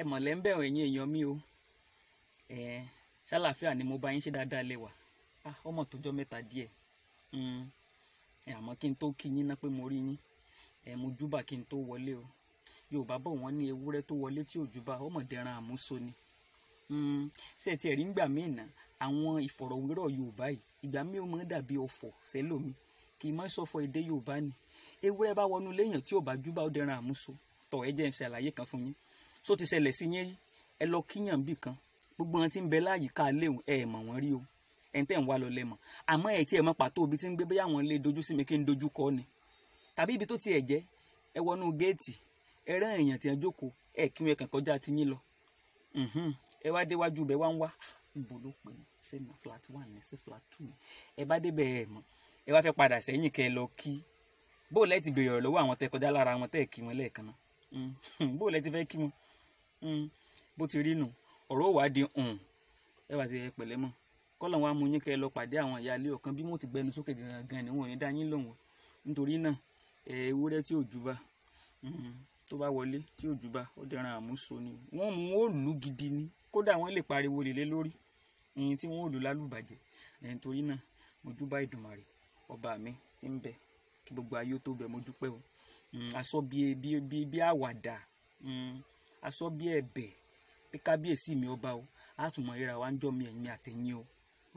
ẹ mọ̀lẹ́ ń bẹ̀rù ẹ̀yin èèyàn mi o ẹ ṣàlàáfíà ni mo bá yín ṣe dáadáa lè wà ọmọ tó jọ mẹ́ta díẹ̀ hmm. ẹ àmọ́ kí n tó kí yín náà pé mo rí yín ẹ mo júbà kí n tó wọlé o yorùbá bọ̀ wọ́n ní ewúrẹ́ tó wọlé tí ò júbà ọmọ dẹran àmúso ni hmm. ṣe ti ẹ̀rí ń gbà míì ná àwọn ìfọ̀rọ̀wérọ̀ yorùbá yìí ìgbà míì ó máa dàbí ọ̀fọ̀ sẹ́lómi kì í má sọ̀fọ̀ èdè yorùbá ni ewúrẹ́ bá wọnú léèyàn tí ò bá júbà ó dẹran àmúso tọ̀ ẹ jẹ́ n ṣàlàyé kan fún yín so ti ṣẹlẹ̀ sí yẹn ẹ lọ kíyàn bì kan gbogbo wọn ti ń bẹ láyìíká léwu ẹ mọ̀ wọ́n rí o ẹ̀ ń tẹ̀ ń wá lọ lẹ́mọ̀ àmọ́ ẹ̀ tí ẹ̀ mọ̀ pàtó ibi tí ń gbé bóyá àwọn lè dojú sí mi kí n dojú kọ ni tàbí ibi tó ti ẹ̀ jẹ́ ẹ wọnú géètì ẹ rán èèyàn tí ẹ jókòó ẹ kí wọn kàn kọjá ti yín lọ ẹ wá déwájú bẹ wá ń wá ibo ló pè ní flat one ní sí flat two ẹ bá débẹ̀ ẹ mọ̀ ẹ wá fẹ́ padà sẹ́yìn kẹ́ ẹ lọ kí bóòlù ẹ ti bèrè ọ̀rọ̀ lọ́wọ́ àwọn tẹ́ kọjá lára wọn tẹ́ kí wọn lẹ́ẹ̀kan náà bóòlù ẹ ti fẹ́ kí wọn Hmm, bó ti rí nù ọ̀rọ̀ wà á di hmm. ẹ wà sí pẹ̀lẹ́ mọ́ kọ́lọ̀ wa mú yín kẹ́ ẹ lọ pàdé àwọn ìyáálé ọ̀kan bí wọ́n ti gbẹnu sókè gangan ni wọ́n ò ní dá yín lóhùn nítorí náà ewúrẹ́ tí ò júbà hmm, tó bá wọlé tí ò júbà ó dẹran àmúso ni wọ́n mú ó lù gidi ni kódà wọ́n lè pariwo lè lé lórí ìyìn tí wọ́n ò lù lálùbàjẹ́ nítorí náà mo júbà Ìdùmarè ọba mi ti ń bẹ kí gbogbo ayé ó tó bẹ mo dúpẹ́ o àsọ bíi bíi bíi àwàdà a sọ bí ẹ̀bẹ̀ pé kábíyèsí mi ọba o a tún mọ ríra wa ń jọ mi ẹ̀yin àtẹ̀yìn o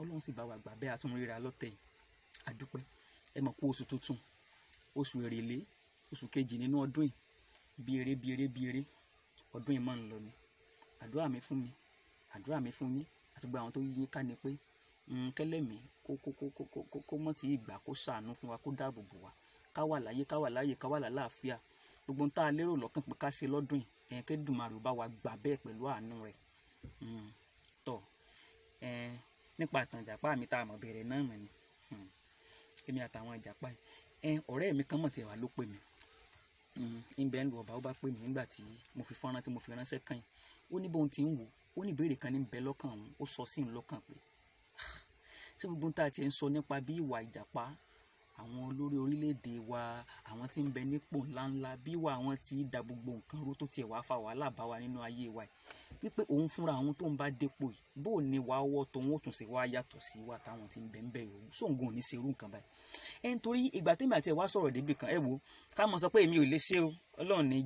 ọlọ́run sì bá wa gbà bẹ́ẹ̀ a tún ríra lọ́tẹ̀ yìí a dúpẹ́ ẹ mọ̀ kú oṣù tuntun oṣù èrèlé oṣù kejì nínú ọdún yìí bí eré bí eré bí eré ọdún yìí máa ń lọ ni àdúrà mi fún mi àdúrà mi fún yín àtúgbà àwọn tó yí yín ká ni pé mm, kẹlẹ́mì kó kó kó kó kó kó mọ̀ tí ìgbà kó ṣàánú fún wa kó dáàbò bò wá ká wà láyé ká wà láyé ká wà lálàáfíà gbogbo ń tá a lọ́kàn pé ká ṣe lọ́dún yìí ẹn kí dùmarè ó bá wa gbà bẹ́ẹ̀ pẹ̀lú àánú rẹ̀ hmm, tọ̀ nípa àtàn mi tá a mọ̀ bẹ̀rẹ̀ náà mọ̀ ni hmm, èmi àtàwọn ìjàpá yìí ẹn ọ̀rẹ́ mi kan mọ̀ tiẹ̀ wá ló pè mí ìbẹ̀ ń lu ọba ó bá pè mí nígbà tí mo fi fọ́nrán tí mo fi ránṣẹ́ kàn yín ó ní bóun ti ń wò ó ní ìbéèrè kan ní bẹ lọ́kàn ó sọ sí òun lọ́kàn pé ah, ṣé gbogbo tá a ti ń sọ nípa bí ìwà ìjàpá àwọn olórí orílẹ̀-èdè wa àwọn tí ń bẹ nípò ńláńlá bí wà àwọn tí í da gbogbo nǹkan ró tó tiẹ̀ wá fa wàhálà bá wa nínú ayé wa yìí wípé òun fúnra àwọn tó ń bá dépò yìí bó ni wàá wọ́ tòun ó tún ṣe wá yàtọ̀ sí wa táwọn tí ń bẹ ń bẹ yòówù sóǹgùn ò ní ṣerú nǹkan báyìí ẹ nítorí ìgbà tẹ́mi àti ẹ̀ wá sọ̀rọ̀ débì kan ẹ wo ká mọ̀ sọ pé èmi ò lè ṣe o ọlọ́run ní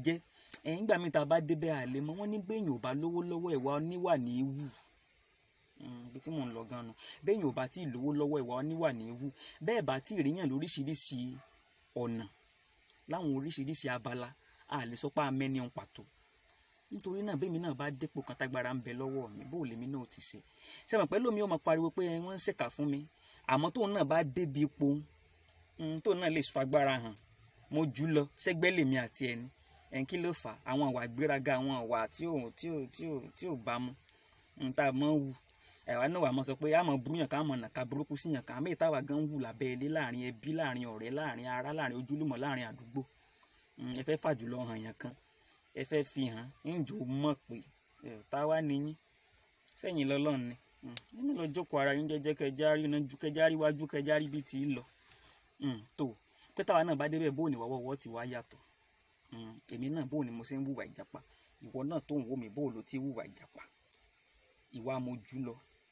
Mm, ibi tí mò ń lọ gan nu bẹ́ẹ̀yìn ò bá tí ì lówó lọ́wọ́ ìwà oníwà ní ewu bẹ́ẹ̀ bá tí ríyàn lóríṣiríṣi ọ̀nà láwọn oríṣiríṣi abala a lè sọ pé a mẹ́ni ohun pàtó nítorí náà bẹ́ẹ̀ mi náà bá dépò kan tágbára ń bẹ lọ́wọ́ mi bó lèmi náà ti ṣe sẹ́wọ̀n pẹ́ lómi ó máa pariwo pé wọ́n ń ṣèkà fún mi àmọ́ tóun náà bá débi ipò hmm, tóun náà lè sọ agbára hàn mo jù lọ sẹ́gbẹ́ lèmi àti ẹni ẹn kí ló fà á àwọn àwà ìgbéraga àwọn àwà tí ò tí ò tí ò bá mu n ta mọ wù àwa náà wà mọ sọ pé a mọ burúyàn ká mọ nàka burúkú síyàn ká àmì ìtawà gan wù lábẹ́ ilé láàrin ẹbí láàrin ọ̀rẹ́ láàrin ará láàrin ojúlùmọ̀ láàrin àdúgbò hmm, ẹ fẹ́ fàjùlọ hàn yàn kan ẹ fẹ́ fi hàn ńjò mọ̀ pé táwa nìyí sẹ́yìn lọ́lọ́run ni nínú hmm, lọ jókòó ara yín jẹ́jẹ́ kẹjárí iná ju kẹjárí wájú kẹjárí bíi ti lọ hmm, tó pé táwa náà bá débẹ̀ bóun ìwọ́wọ́wọ́ ti wá yàtọ̀ èmi náà bóun ni mo ṣe ń wùwà ìjàpá ìwọ náà tó ń wò mí bóun ló ti wùwà ìjàpá ìwà mojú lọ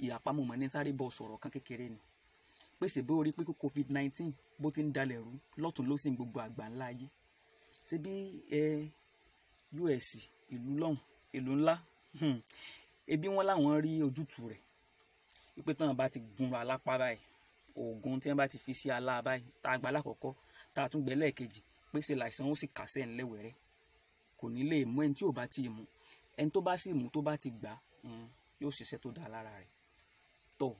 ìyàpamọ́ mọ̀ ní sáré bọ́ sọ̀rọ̀ kan kékeré ni pèsè bó rí pé covid nineteen bó ti ń dalẹ̀ rú lọ́tún ló sì ń gbogbo àgbà ńlá ayé ṣé bí ẹ us ìlú lọ́hùn ìlú ńlá hmm. ebi wọn làwọn rí ojútùú rẹ̀ wípé táwọn bá ti gun alápá báyìí oògùn tí wọn bá ti fi sí alá báyìí tá a gba alákọ̀ọ́kọ́ tá a tún gbẹ lẹ́ẹ̀kejì pèsè làìsàn ó sì kàṣẹ́ ńlẹ́wẹ̀rẹ́ kò ní lè mú ẹni tí ò bá ti mú ẹni tó bá sì mú tó bá ti gbà hmm, yóò ṣiṣẹ́ tó dáa lára rẹ̀ tọ̀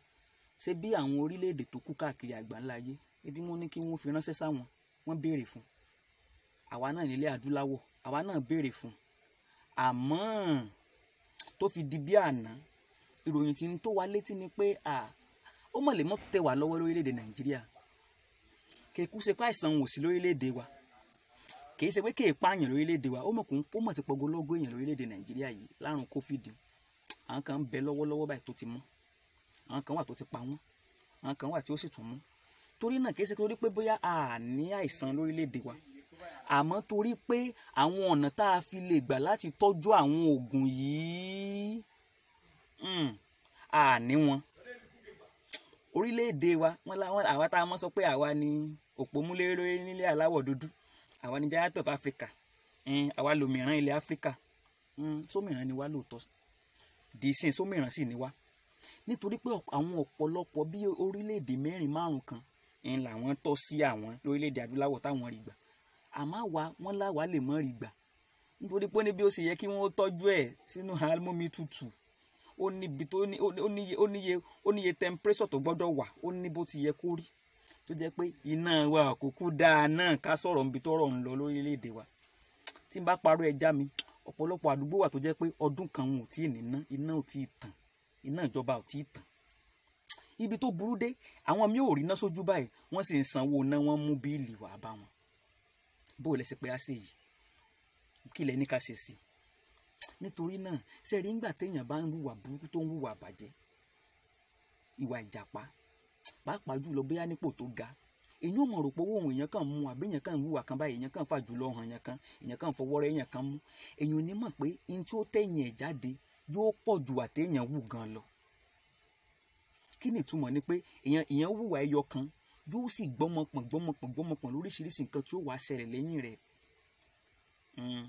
ṣé bí àwọn orílẹ̀-èdè tó kù káàkiri àgbáńlá ayé ebi mo ní kí wọ́n fi ránṣẹ́ sáwọn wọ́n béèrè fún àwa náà nílẹ̀ adúláwọ̀ àwa náà béèrè fún àmọ́ tó fi di bí àná ìròyìn tí ń tó wa létí ni pé ó mọ̀ lè mọ́ tẹ̀ wá lọ́wọ́ lórílẹ̀‐èdè nàìjíríà kéku ṣe pé àìsàn wò sí lórílẹ̀‐èdè wa kì í ṣe pé kì í pààyàn lórílẹ̀‐èdè wa ó mọ̀ kó ó mọ̀ ti pọ̀gọ́ lọ́gọ́ èèyàn lórílẹ̀‐èdè nàìjíríà yìí lárùn covid àwọn kan ń bẹ lọ́wọ́lọ́wọ́ báyìí tó ti mọ́ àwọn kan wà tó ti pa wọ́n àwọn kan wà tí ó sì tún mú torí náà kìí ṣe torí pé bóyá a ní àìsàn lórílẹ̀ wa àmọ́ torí pé àwọn ọ̀nà tá a fi lè gbà láti tọ́jú àwọn oògùn yìí hmm, a ní wọn orílẹ̀ wa wọn làwọn àwa tá a mọ̀ sọ pé àwa ni òpómúléré nílé aláwọ̀ dúdú àwa ni giant of Africa hmm, àwa lòmìrán ilẹ̀ Africa hmm, sómìrán ni wá lóòótọ́ dìísìn sómìrán sì ni wá nítorí pé àwọn ọ̀pọ̀lọpọ̀ bí orílẹ̀-èdè mẹ́rin márùn kan ń làwọn tọ́ sí àwọn lórílẹ̀-èdè adúláwọ̀ táwọn rí gbà àmọ́ àwa wọn láwa lè mọ́ rí gbà nítorí pé ó ní bí ó ṣe yẹ kí wọ́n tọ́jú ẹ̀ sínú amómi tútù ó níbi tó níye ó níye ó níye tẹmpírẹ́sọ̀ tó gbọ́dọ̀ wà ó ní bó ti yẹ kó rí tó jẹ́ pé iná wa àkókò dáa náà ká sọ̀rọ̀ níbi tọ́rọ̀ ń lọ lórílẹ̀‐èdè wa tí n bá parọ́ ẹja mi ọ̀pọ̀lọpọ̀ àdúgbò wà tó jẹ́ pé ọdún kan wọn ò tí níná iná ò tí tàn iná ìjọba ò tí ì tàn ibi tó burú dé àwọn mi ò rí iná sójú báyìí wọ́n sì ń sanwó iná wọ́n mú bíìlì wàá bá wọn bó o lẹ́sẹ̀ pé a ṣe yìí kí lẹ ní ká ṣe sí nítorí náà ṣe rí ńgbà téèyàn bá ń hùwà burúkú tó ń hùwà bàjẹ́ ìwà ìjàpá pàápàá jùlọ bóyá nípò tó ga èyí ò pé owó òun èèyàn kàn mú àbí èèyàn kàn ń kan báyìí èèyàn kàn fà jùlọ hàn èèyàn kan èèyàn kàn fọwọ́ rẹ̀ kan mú èèyàn ò ní mọ̀ pé n ó tẹ̀yìn ẹ̀ jáde yóò pọ̀ ju àtẹ̀yàn wù gan lọ kí ni ìtumọ̀ ni pé èèyàn èèyàn wùwà ẹyọ kan yóò sì gbọ́mọpọ̀n gbọ́mọpọ̀n gbọ́mọpọ̀n lóríṣiríṣi nǹkan tí ó wàá ṣẹlẹ̀ lẹ́yìn rẹ̀ hmm,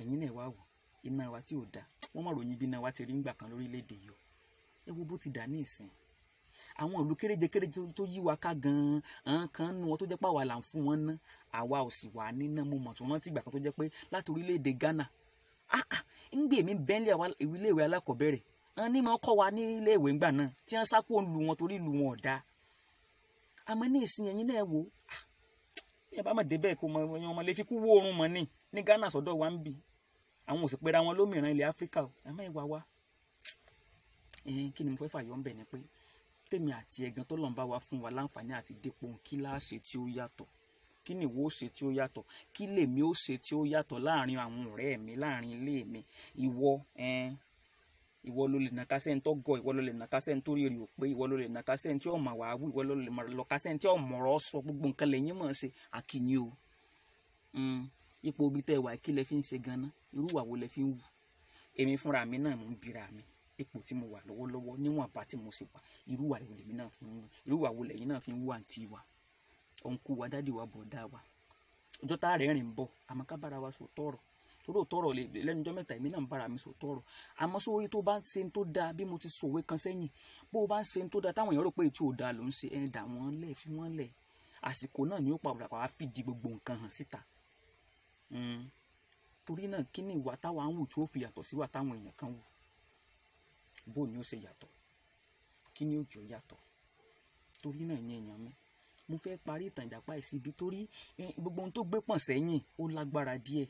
ẹ̀yin náà wá wò iná wa tí ò da wọ́n má ròyìn bí iná wa ti rí ńgbà kan lórílẹ̀‐èdè yìí ẹ wo bó ti dà ní ìsìn àwọn ìlú kéréje kéréje tó yí wa ká gan-an kan nu wọn tó jẹ́ pé àwa là ń fún wọn ná àwa ò sì wà níná mo mọ̀ tó rántí ìgbà kan tó jẹ́ pé láti orílẹ̀‐èdè Ghana ah ah ńgbè mi bẹ́ńlẹ̀ iléèwé alákọ̀ọ́bẹ̀rẹ̀ wọn ní máa kọ́ wa ní iléèwé ńgbà náà tí wọ́n sákó lu wọn torí lu wọn ọ̀dà àmọ́ ní ìsìn ẹ̀yìn náà wò yẹn ah, bá má débẹ̀ kó ọmọ lè fi kú wó oorun mọ́ ni ní Ghana sọ́dọ̀ wa ń bì àwọn òsì pera wọn lómìnira ilẹ̀ Áfíríkà àmọ́ ìwà wa kí ni mo fẹ́ fàyọ̀ ń bẹ̀ ni pé tèmi àti ẹ̀gàn tó lọ́n bá wa fún wa láǹfààní àti dépò kíláàsì tí ó yàtọ̀ kí ni ìwọ ó ṣe tí ó yàtọ̀ kí lèmi ó ṣe tí ó yàtọ̀ láàrin àwọn ọ̀rẹ́ mi láàrin ilé mi ìwọ ìwọ ló lè nàka sẹ́ni tó gọ̀ ìwọ ló lè nàka sẹ́ni tó rírì ò pé ìwọ ló lè nàka sẹ́ni tí ọ̀mà wàá wù ìwọ ló lè lọ́ka sẹ́ni tí ọ̀mọ̀rọ̀ sọ gbogbo nǹkan lẹ́yìn mọ̀ ṣe àkìní o hmm, ipò ibi tẹ́ wà kí lẹ fi ń ṣe ganan irú ìwà wo lẹ fi ń wù èmi fúnra mi náà mo ń bira mi ipò tí mo wà lọ́wọ́lọ́wọ́ níwọ̀n àbá tí mo ṣe wà irú ìwà wo lẹ́yìn náà fi ń wù àǹtí wa ọ̀nkú wa dádì wa bọ̀dá wa ọjọ́ tá a rẹ̀ rìn bọ̀ àmọ́ ká bára wa sọ tọ̀rọ̀ tóró tọ̀rọ̀ lẹ́nu ọjọ́ mẹ́ta èmi náà ń bára mi sọ tọ̀rọ̀ àmọ́ sórí tó bá ń ṣe tó dáa bí mo ti sòwe kan sẹ́yìn bó o bá ń ṣe tó dáa táwọn èèyàn rò pé ètò òdà ló ń ṣe ẹ̀ dà wọ́n lẹ̀ fi wọ́n lẹ̀ àsìkò náà ni ó pàwọ́dà wàá fìdí gbogbo nǹkan hàn síta hmm. torí náà kí ni ìwà táwa ń wù tí ó fi yàtọ̀ síwà táwọn èèyàn kan wù bó ni ó ṣe yàtọ̀ kí ni ó yàtọ̀ torí náà ìyẹn èèyàn mi mo fẹ́ parí ìtàn ìjàpá yìí síbi torí gbogbo ohun tó gbé pọ̀n sẹ́yìn ó lágbára díẹ̀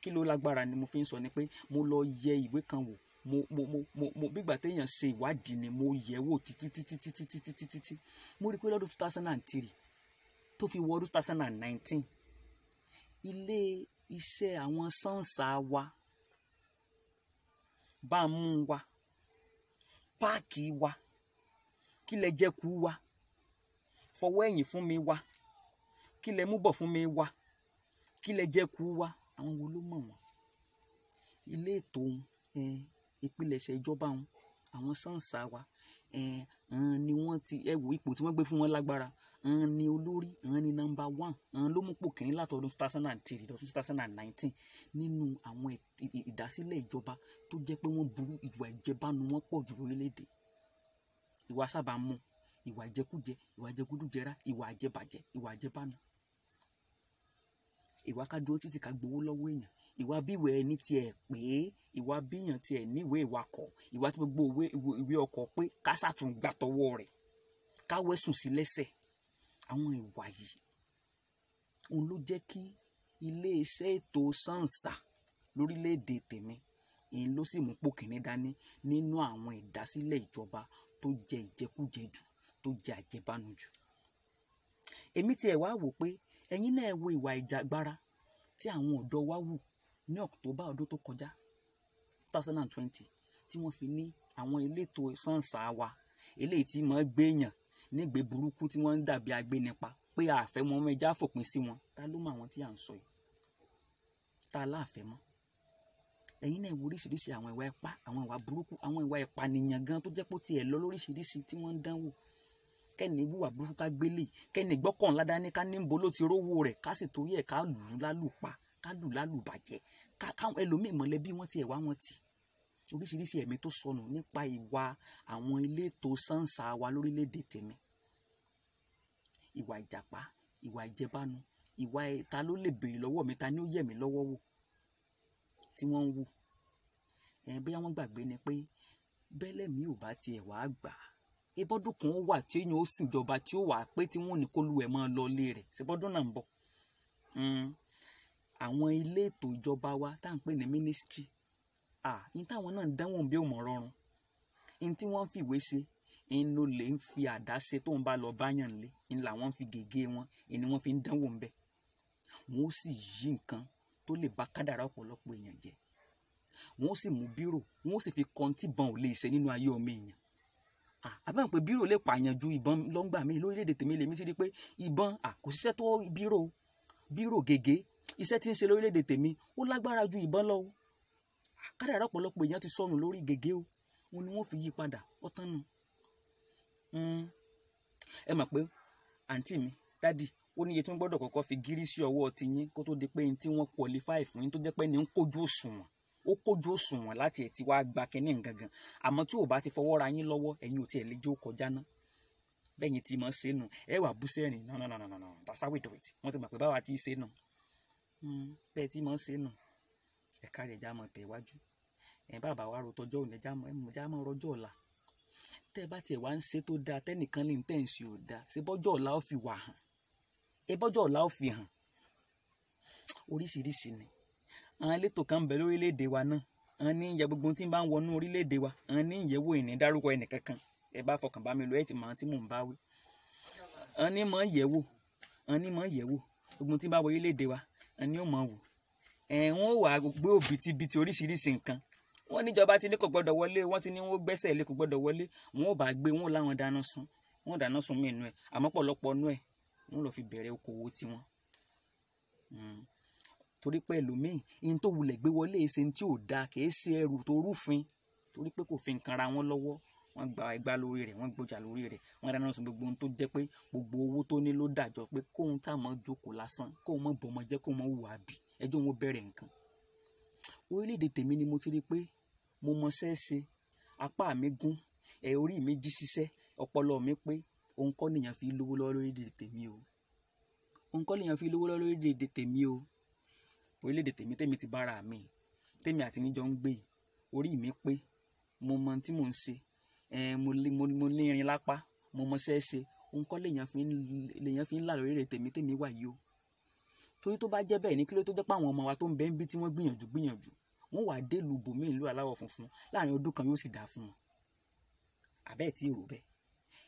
kí ló lágbára ni mo fi ń sọ ni pé mo lọ yẹ ìwé kan wò mo mo mo mo mo bí ìgbà téèyàn ṣe ìwádìí ni mo yẹ̀ wò títí títí títí títí títí tí mo rí i pé lọ́dún two thousand and three tó fi wọ ọdún two thousand and nineteen ilé iṣẹ́ àwọn sánsa wa bámú wa páàkì wa kílẹ̀ jẹ́kù wa fọwọ́ ẹ̀yìn fún mi wá kí lẹ mú bọ̀ fún mi wá kí lẹ jẹ́ kú wá àwọn wo ló mọ̀ wọ́n ilé ètò òun ìpilẹ̀ṣẹ̀ ìjọba òun àwọn sáǹsà wa ni wọ́n ti ẹ ipò tí wọ́n gbé fún wọn lágbára ni olórí ni nọ́mbà one ló mú pò kìíní látọdún two thousand and three two thousand and nineteen nínú àwọn ìdásílẹ̀ ìjọba tó jẹ́ pé wọ́n burú ìwà ìjẹbánu wọn pọ̀ jù lórílẹ̀‐èdè ìwà sábà mú un ìwà ìjẹkújẹ ìwà ìjẹgúdújẹrá ìwà àjẹbàjẹ ìwà àjẹbánu ìwà ká dúró títí ká gbowó lọ́wọ́ èèyàn ìwà bíwẹ̀ ẹni tiẹ̀ pé ìwà bíyàn tiẹ̀ níwèé ìwakọ̀ ìwà tí gbogbo ìwé ọkọ̀ pé ká sàtún gbà tọwọ́ rẹ̀ ká wẹ̀sùn sí lẹ́sẹ̀ àwọn ìwà yìí òun ló jẹ́ kí iléeṣẹ́ ètò sáǹsà lórílẹ̀ tèmi èyí ló sì mú pò dání nínú àwọn ìdásílẹ̀ ìjọba tó jẹ ìjẹkújẹ jù tó jẹ́ àjẹbánu jù èmi tiẹ̀ wá wò pé ẹ̀yin náà wo ìwà ìjàgbara tí àwọn ọ̀dọ́ wa wù ní ọ̀tọ́bà ọdún tó kọjá 2020 tí wọ́n fi ní àwọn elétò sànsà wa eléyìí tí mọ̀ ń gbéyàn nígbè burúkú tí wọ́n ń dàbí agbénipa pé àfẹ́mọ́ ọmọ ẹja fòpin sí wọn ta ló mọ àwọn tí à ń sọ yìí ta láàfẹ́mọ́ ẹ̀yin náà wo oríṣiríṣi àwọn ìwà ipá àwọn ìwà burúkú àwọn ìwà ìpànìyàn gan tó jẹ́ pé ó tiẹ̀ lọ lóríṣiríṣi tí wọ́n ń dánwò kẹ́ni wúwà burúkú ká gbélé kẹ́ni gbọ́kànlá dání ká ní ń bo ló ti rówó rẹ̀ ká sì torí ẹ̀ ká lù ú lálùpá ká lù lálùbàjẹ́ káwọn ẹlòmíì mọ̀lẹ́bí wọn tiẹ̀ wá wọn tì oríṣiríṣi ẹ̀mí tó sọnù nípa ìwà àwọn elétò sánsà wa lórílẹ̀‐èdè tèmi ìwà ìjàpá ìwà ìjẹbánu ìwà ta ló lè béèrè lọ́wọ́ mi ta ni ó yẹ̀ mí lọ́wọ́ wò tí wọ́n ń wò ẹ̀ bí wọ́n gbàgbé ni pé bẹ́lẹ̀ mi ò bá tiẹ̀ wá gbà ìbọ́dún kan ó wà tí èèyàn ó sì jọba tí ó wà pé tí wọ́n ní kólú ẹ̀ máa lọ ilé rẹ̀ ṣèbọ́dún náà ń bọ̀ hmm. àwọn ilé ètò ìjọba wa tá à ń pè ní ministry ah ní táwọn náà ń dánwò bí òmò rọrùn ní tí wọ́n ń fìwé ṣe ń lò lè ń fi àdá ṣe tó ń bá lọ báyàn lé ń làwọn fi gègé wọn ni wọ́n fi ń dánwò ń bẹ̀ wọ́n ó sì yí nǹkan tó lè bá kádàrá ọ̀pọ̀lọpọ̀ èèyàn jẹ wọ́n ó sì mú bírò wọ́n ó sì fi kọ́ńtì ban ò lè ṣe nínú ayé ọmọ èèyàn àbẹ̀wò pé bírò lè pààyàn ju ìbọn lọ́ngbà mi lórílẹ̀‐èdè tèmi lèmi ti di pé ìbọn kò ṣiṣẹ́ tó bírò bírò gègé iṣẹ́ tí ń ṣe lórílẹ̀‐èdè tèmi ó lágbára ju ìbọn lọ o kádàrá ọ̀pọ̀lọpọ̀ èèyàn ti sọnù lórí gègé o wọn ni wọ́n fi yí padà ó tán nu hmm. ẹ mọ̀ pé àǹtí mi dádì ó níye tí wọ́n gbọ́dọ̀ kọ́kọ́ fi gírísì ọwọ́ ti yín kó tó di pé ní tí wọ́n qualify fún yín tó jẹ́ pé ní ń ó kójú òṣùwọ̀n láti ẹ̀ ti wá gba kínní gangan àmọ́ tí ò bá ti fọwọ́ ra yín lọ́wọ́ ẹ̀yin ò tiẹ̀ lè jó kọjá ná bẹ́ẹ̀ ti mọ̀ ṣe nù ẹ wà bú sẹ́rìn no no no no no that's how we do it wọ́n ti mọ̀ pé báwa ti ṣe nù hmm, bẹ́ẹ̀ ti mọ̀ ṣe nù ẹ̀ka rẹ̀ já mọ̀ tẹ̀ wájú ẹ̀ bàbá wa ro tọjọ́ òní já mọ̀ rọjọ́ ọ̀la tẹ́ ẹ bá tiẹ̀ wá ń ṣe tó dáa tẹ́nìkan lè ń tẹ̀ ń ṣe ò dáa ṣe bọ́jọ́ ọ̀la ó fi wà hàn ẹ bọ́jọ́ ọ̀la ó fi hàn oríṣiríṣi ni àwọn elétò kan ń bẹ lórílẹ̀‐èdè wa náà àwọn ní ìyẹ gbogbo tí ń bá ń wọnú orílẹ̀‐èdè wa àwọn ní ìyẹ̀wò ìní dárúkọ ẹnìkankan ẹ bá fọkàn bá mi lọ ẹ ti mọ àwọn tí mò ń bá wí. àwọn ní mọ̀ yẹ̀wò àwọn ní mọ̀ yẹ̀wò gbogbo tí ń bá wọ orílẹ̀‐èdè wa àwọn ní ò mọ̀ wò. ẹ̀wọ̀n wà gbé òbítíbitì oríṣiríṣi nǹkan wọ́n níjọba ti ní kò gbọ́dọ̀ wọlé wọ́n ti ní wọ́n gbẹ́sẹ̀ lé kò gbọ́dọ̀ wọlé wọn ò bá gbé wọn láwọn dáná sun wọn dáná sun mí inú ẹ̀ àmọ́ inú ẹ̀ wọn lọ fi bẹ̀rẹ̀ okòwò tiwọn. Hmm torí pé ẹlòmíì ihun tó wulẹ̀ gbé wọlé e ṣe tí ò da kìí ṣe ẹrù tó rúfin torí pé kò fi nǹkan ra wọn lọ́wọ́ wọ́n gba ẹgbá lórí rẹ̀ wọ́n gbọ́jà lórí rẹ̀ wọ́n dáná sun gbogbo ohun tó jẹ́ pé gbogbo owó tó ní ló dàjọ́ pé kóun tá mọ́ jókòó lásán kóun mọ́ bọ́mọ jẹ́ kóun mọ́ hùwà bì ẹjọ́ wọn bẹ̀rẹ̀ nǹkan. orílẹ̀-èdè tèmi ni mo ti rí i pé mo mọṣẹ́ ṣe apá mi gún ẹ̀ orí mi jí ṣiṣẹ́ ọpọlọ mi pé òun nìyẹn fi lówó lọ́wọ́ lórílẹ̀-èdè tèmi o òun nìyẹn fi lówó lọ́wọ́ lórílẹ̀-èdè tèmi o orílẹ̀-èdè tèmi tèmi ti bára mi tèmi àti níjọ ń gbé orí mi pé mo mọ tí mò ń ṣe mo lé irin lápá mo mọṣẹ́ ṣe òun kọ́ lèèyàn fi ń là lórílẹ̀-èdè tèmi tèmi wà yìí o torí tó bá jẹ́ bẹ́ẹ̀ ní kí ló tó jẹ́ pé àwọn ọmọ wa tó ń bẹ ń bí tí wọ́n gbìyànjú gbìyànjú wọ́n wà dé lu bòmíì ìlú aláwọ̀ funfun láàrin ọdún kan yóò sì dáa fún wọn àbẹ́ẹ̀ tí èrò bẹ́ẹ̀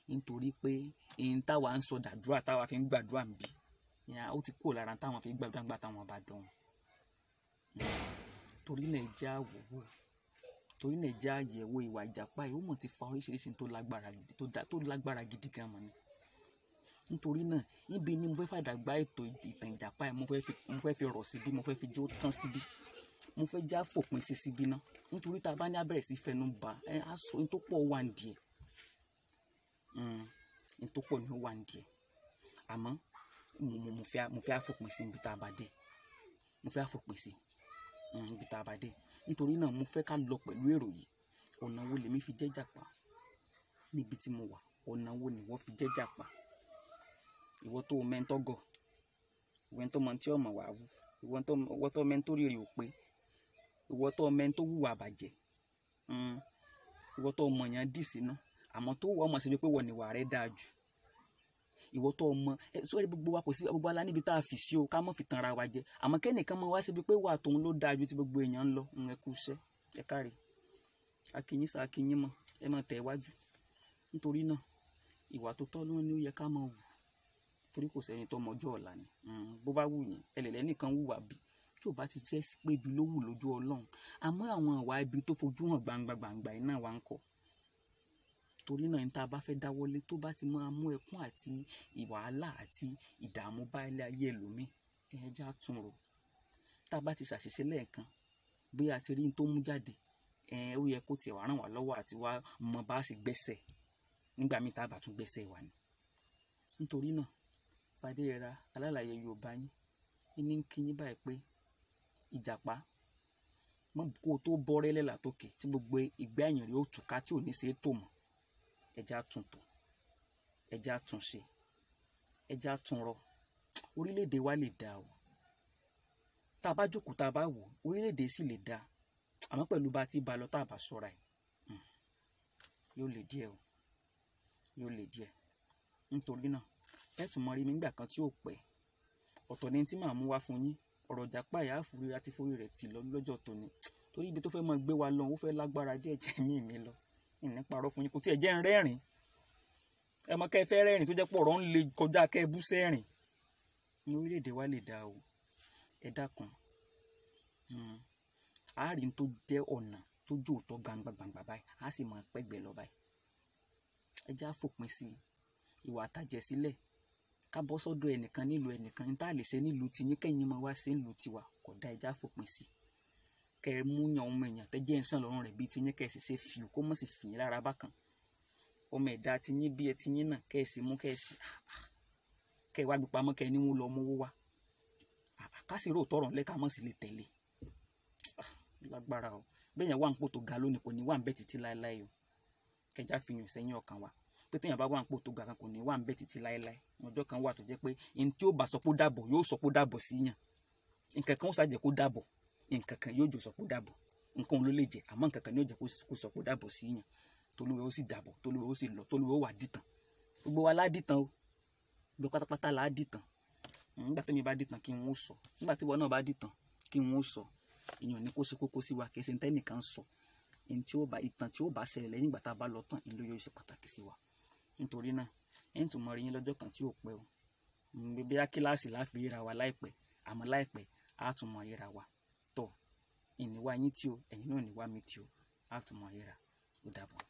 nítorí pé ìyẹn táwa ń sọ dàdúrà táwa fi ń gbàdúrà ń bì ó ti kúrò lára táwọn fi ń gbàdúrà ń gbà táwọn bá dán torí náà ẹ jẹ́ àwòwò torí náà ẹ jẹ́ àyẹ̀wò ìwà ìjàpá yìí ó mọ̀ ti fa oríṣiríṣi tó lágbára tó lágbára gidi gan mọ̀ ni nítorí náà níbi ni mo fẹ́ fàdàgbà ètò ìtàn ìjàpá yìí mo fẹ́ fi rọ̀ síbi mo fẹ́ fi jó tán síbi mo fẹ́ já fòpin sí síbi náà nítorí tá a bá ní abẹ́rẹ́ sí fẹnu bá ẹ ní tó pọ̀ wà nìyẹn hmm, ní tó pọ̀ ní wà nìyẹn àmọ́ mo fẹ́ àfòpin sí níbi tá a bá dé mo fẹ́ àfòpin sí i ibi tá a bá dé nítorí náà mo fẹ́ ká lọ pẹ̀lú èrò yìí ọ̀nà wo lèmi fi jẹ́jà pa níbi tí mo wà ọ̀nà wo ni wọ́n fi jẹ́jà pa ìwọ tó mẹ́ńtọ́ gọ̀ ìwọ tó mọ tí ọmọ wà wú ìwọ tó mẹ́ńtọ́ rírì ò pé ìwọ tó mẹ́ńtọ́ wùwà bàjẹ́ hmm, ìwọ tó mọ̀yàn dì sínú àmọ́ tó wọ́ ọmọ sí pé wọ́n níwà rẹ̀ dáa jù ìwọ tó mọ sórí gbogbo wa kò sí gbogbo ala níbi tá a fi sí o ká mọ̀ fi tanra wa jẹ àmọ́ kẹ́nìkan mọ wá síbi pé wà tóun ló dáa ju ti gbogbo èèyàn ń lọ ń ẹ kú iṣẹ́ ẹ káre akínyín sá akínyín mọ ẹ máa tẹ̀ wájú nítorí náà ìwà tó tọ́ ló ní ó yẹ ká máa wù torí kò sẹ́ni tó mọjọ́ ọ̀la ni hmm, bó bá wù yín ẹlẹ́lẹ́ nìkan wù wá bí tí ò bá ti jẹ́ pé ibi ló wù lójú ọlọ́run àmọ́ àwọn àwa ibi tó fojú hàn gbangba gbangba iná wa ń kọ́ torí náà ní tá a bá fẹ́ dáwọ́lé tó bá ti máa mú ẹkún àti wàhálà àti ìdààmú bá ilé ayé ẹlòmíì ẹ já tún rò tá a bá ti ṣàṣìṣe lẹ́ẹ̀kan bí a ti rí n tó mú jáde ẹ ó yẹ kó tiẹ̀ wá ràn wá lọ́wọ́ àti wá mọ bá a sì gbẹ́sẹ̀ nígbà míì tá a bá tún gbẹ́sẹ̀ wà ní. nítorí náà Fadérẹra alálàyé Yorùbá yín ẹni ń kí yín báyìí pé ìjàpá mọ kó o tó bọ́rẹ́lẹ̀ látòkè tí gbogbo ìgbẹ́ ẹ̀yìn rẹ̀ ó túká tí ò ní ṣe é tò mọ́ ẹjẹ́ àtúntò ẹjẹ́ àtúnṣe ẹjẹ́ àtúnrọ orílẹ̀-èdè wa lè dáa o tá a bá jókòó tá a bá wò orílẹ̀-èdè sì lè dáa àmọ́ pẹ̀lú bá a ti ba lọ tá a bá ṣọ́ra ẹ̀ hmm, yóò lè díẹ̀ o yóò lè díẹ̀ nítorí náà ẹ tún mọ rí mi nígbà kan tí ò pẹ́ ọ̀tọ̀ ni tí màá mú wá fún yín ọ̀rọ̀ Ìjàpá Ìyá Àfúrírà ti forí rẹ̀ tì lọ lọ́jọ́ tòní torí ibi tó fẹ́ mọ gbé wa lọ ó fẹ́ lágbára díẹ̀ jẹ́ mí mi lọ ìní parọ́ fún yín kò tiẹ̀ jẹ́ ń rẹ́rìn ẹ mọ kẹ́ ẹ fẹ́ rẹ́rìn tó jẹ́ pọ̀ ọ̀rọ̀ ń le kọjá kẹ́ ẹ bú sẹ́rìn ní orílẹ̀-èdè wa lè dá o ẹ dákun àárín hmm. tó jẹ́ ọ̀nà tó jó òótọ́ gbangba gbangba báyìí á sì máa pẹ́gbẹ́ lọ báyìí ẹ já fòpin sí ìwà àtàjẹsílẹ̀ ká bọ́ sọ́dọ̀ ẹnìkan nílùú ẹnìkan ní tá a lè ṣe nílùú ti ní kẹ́yìn máa wá ṣe nílùú tiwa kódà ẹ já fòpin sí i kẹ ẹ mú yan ọmọ èèyàn tẹ jẹ ẹ sàn lọ́rùn rẹ bíi tiyín kẹ ẹ sì ṣe fìwò kó mọ sí fìyín lára bákan ọmọ ẹ̀dá tiyín bí ẹ tiyín náà kẹ ẹ sì mú kẹ ẹ sì ah, kẹ ẹ wá gbé pamọ́ kẹ ẹ ní wọn lọ mọwọ wá ah, kásì rò tọrọ lẹka mọ sí lè tẹ̀lé ah, lágbára o bẹ́ẹ̀ yẹn wà ń pò tó ga lónìí kò ní wà ń bẹ títí láéláé o kẹjá fi yàn sẹ́yìn ọkàn wa pé téèyàn bá wà ń pò tó ga kan kò ní wà ń bẹ títí láéláé ọjọ́ kan wà tó jẹ́ pé ní tí ó bá sọ pé ó dàbọ̀ yóò sọ pé ó dàbọ̀ sí yàn nǹkan kan ó ṣàjẹ́ kó dàbọ̀ nǹkan kan yóò jò sọ pé ó dàbọ̀ nǹkan òun ló lè jẹ àmọ́ nǹkan kan yóò jẹ kó sọ pé ó dàbọ̀ sí yàn tolúwẹ̀ ó sì dàbọ̀ tolúwẹ̀ ó sì lọ tolúwẹ̀ ó wà dìtàn gbogbo wa ládìtàn o gbogbo pátápátá là á dìtàn hmm, nígbà tẹ́mi bá dìtàn kí n ó sọ nígbà tí ìwọ náà bá dìtàn kí n ó sọ èèyàn ní kó ṣe kókó sí wa kì í ṣe tẹ́nìkan sọ ẹni tí ó bá ìtàn tí ó bá ṣẹlẹ̀ lẹ́yìn ìgbà tá a bá lọ tán ìlú yóò ṣe pàtàkì sí wa nítorí náà ẹni tó mọ rí yín lọ́jọ́ kan tí ò pẹ́ o hmm, bí a kíláàsì láfi ríra wa láìpẹ́ àmọ́ láìpẹ́ á tún mọ ríra wa ìníwá yín tí o ẹ̀yin náà níwá mi tí o á tún mọ ríra ó dàbọ̀.